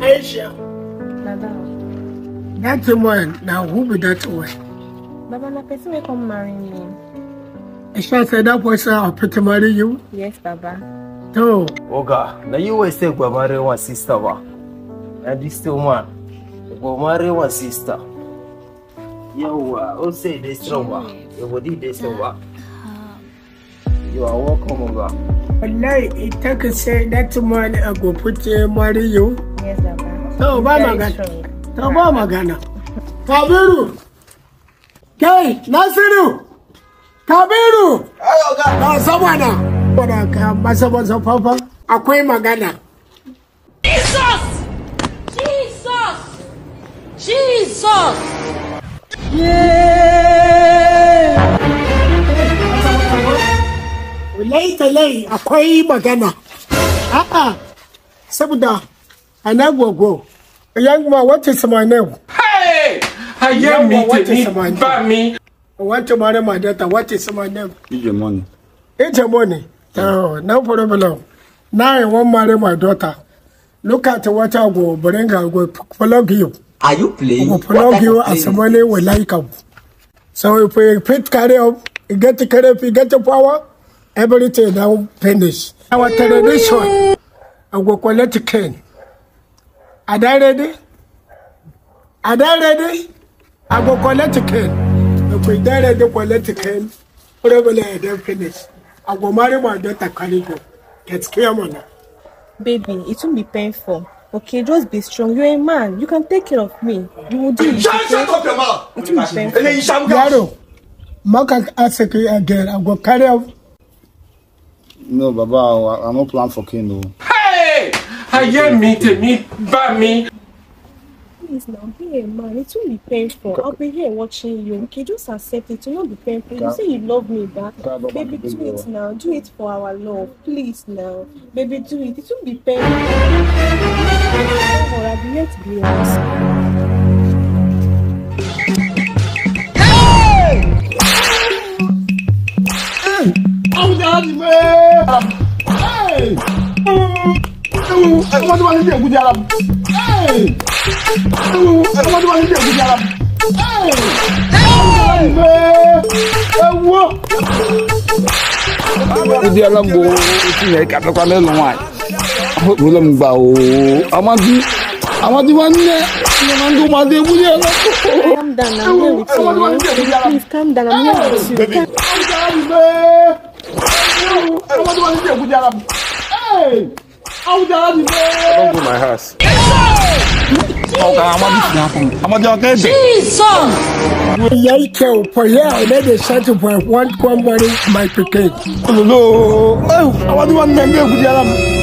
Aisha. Baba. That woman, now who be that one? Baba, na person will come marry me. Aisha said that person will pick marry you? Yes, Baba. So. Oga, now you always say go marry one sister, wa. And this woman, go marry one sister. Yawa, who say e this one, wa? Your body this one, wa? You are welcome, Oga. wallahi ita ka sai na tumani a gofuce mariyo to ba magana to ba magana kabiru kai nasiru kabiru a sama na wadda ka masa masa fafa akwai magana jesus jesus jesus yeah talai-talai akwai magana a'a saboda a na gogo yamma wacce samanin yamma wacce samanin ba mi wacce mara madata wacce samanin ijemoni ijemoni na problem na yi marry my daughter. look at what I go bring I go plug you are you playing I go plug you as money will like up so if we fit carry up get the carry you get the power everything now finish. Our television, our quality can. Are they ready? Are they ready? Our quality can. If we die ready the quality can, whatever they have finished. I will marry my daughter, Kaligo. Get scared, Mona. Baby, it won't be painful. Okay, just be strong. You're a man. You can take care of me. You will do it. Shut, shut up your mouth! It won't be painful. Yaro, Mark, I ask you again. I will carry out no baba i, I no plan for kin o. Hey! ayé mi tèmi bá mi. Please now be a man. It will be painful. I'll be here watching you. Okay, just accept it. It will not be painful. You say you love me back. Baby, do it now. Do it for our love. Please now. Baby, do it. It will be painful. I'll be yet be honest. ọ̀hún ti láti fẹ́. ẹ̀wọ́n tó bá ti dé ègúdí ara mu. ẹ̀wọ́n tó bá ti dé ègúdí ara mu. ẹ̀wọ́. ìdí alágbó ti yẹ kàtàkùn alẹ́ lọ́wọ́ àyè. wọ́n gbà ó amadu amadu wa Calm down, I'm here with you. Please calm down, I'm here with you. Hey, what do you want to do? Gujara. Hey! Awujara ti dé. Don't go my house. Ọ̀gá Amadu Sinafun. Amadu Ọ̀gá Ẹ̀dẹ̀. Jesus! Ìyá Ike òpò yẹ́ ọ̀lẹ́dẹ̀ ṣáàtì point one one money my pikin. Olùlò Amadu wa ní ẹgbẹ́ ògùdí ara mi.